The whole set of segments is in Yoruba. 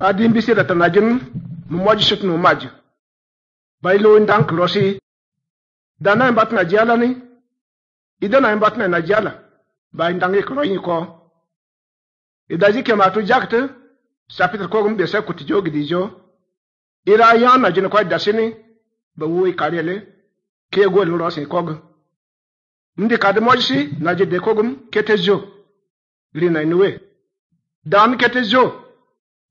adin bisi da tanajin mumoji sut nu maj bailo indan krosi dana en na jiala ni ida na batna na jiala ba indan e kroyi ko idaji ke matu jakte chapitre ko gum be kuti jogi dijo ira yana jin ko dasini ba wui karele ke gol rosi kog ndi kadmojsi na jide kogum ketejo na inwe dan ketejo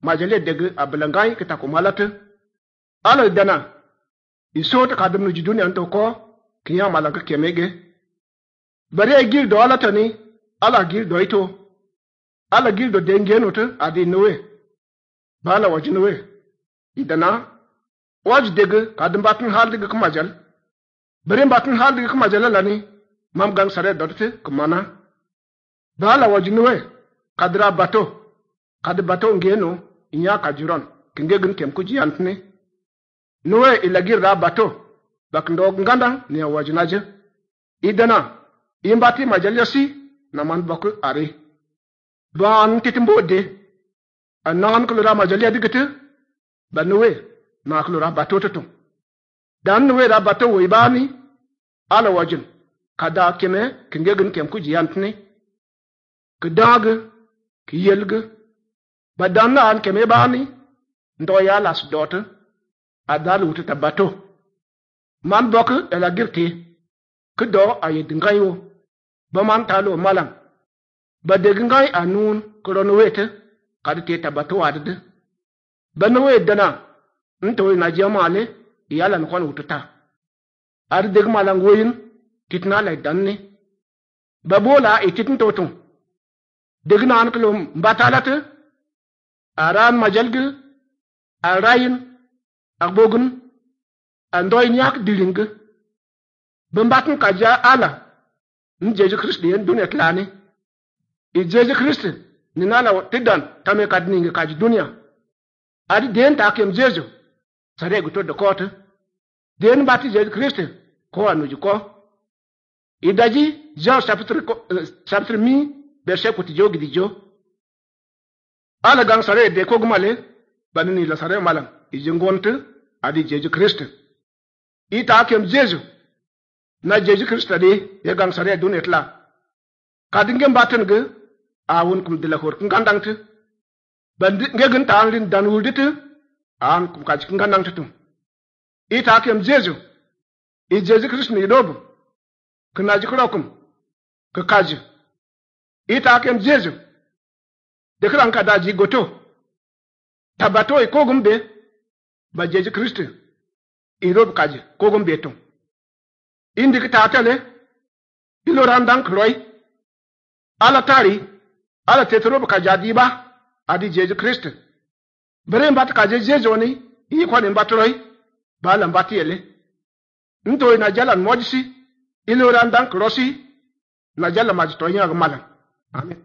majele degi abilangai kita kumalatu ala dana isota kadum nu jiduni anto ko kinya malaka kemege bare gir do ala tani ala gir do ito ala gir do dengeno to adi nowe bala wajinwe idana waj degi kadum batun hal degi kumajal bare batun hal degi kumajal lani mam gang sare dorte kumana bala wajinwe kadra bato kad bato ngeno ka juron kingegin kem ku jiyantini nuwe ilagirra bato bak ndog nganda ni wajinaje idana imbati majalyasi man baku ari ban titimbode anan kulura majalya digiti ba nuwe na kulura bato tutum dan nuwe ra bato we bani ala wajin kada kime kingegin kem ku jiyantini kidag kiyelgi ba dan na an keme bani ndo ya las dota adal wuta tabato man bok ela girti kido ayi dingayo ba man talo malam ba de ngai anun koron wete kad te tabato adde ba no we dana nto na jamale yala no kon wuta ar de malang woyin titna lay danne ba bola e titin totum degnan kulum mbatalata aran majelgi arayin agbogin andoyin yak diringi bimbakin kaja ala njeji kristi yen duniya tlani ijeji kristi ninala tidan tame kadningi kaji duniya adi den takem jeju saregu to dokote den bati jeji kristi ko anuji ko idaji jean chapitre mi verset kuti jo gidi jo ala gang sare de ko gumale banini la sare malam ije ngont adi jeju krist ita kem jeju na jeju krist adi ye gang sare dunet la kadinge mbaten ge awun kum dila hor ngandang te bandi nge gen tan lin dan wuldit an kum kaj ngandang te tum ita kem jeju i jeju krist ni dobu kna jikro kum ka kaj ita kem jeju dekra nka da ji goto tabato ko gumbe ba jeji kristo irob kaji ko gumbe to indi kita tele ilo randan kroi ala tari ala tetro kaji jadi ba adi jeji kristo bere mbat ka je jejo ni yi kwa ni mbatroi ba la mbati ele ntoi na jalan mojisi ilo randan krosi na jalan majito yin agmalan amen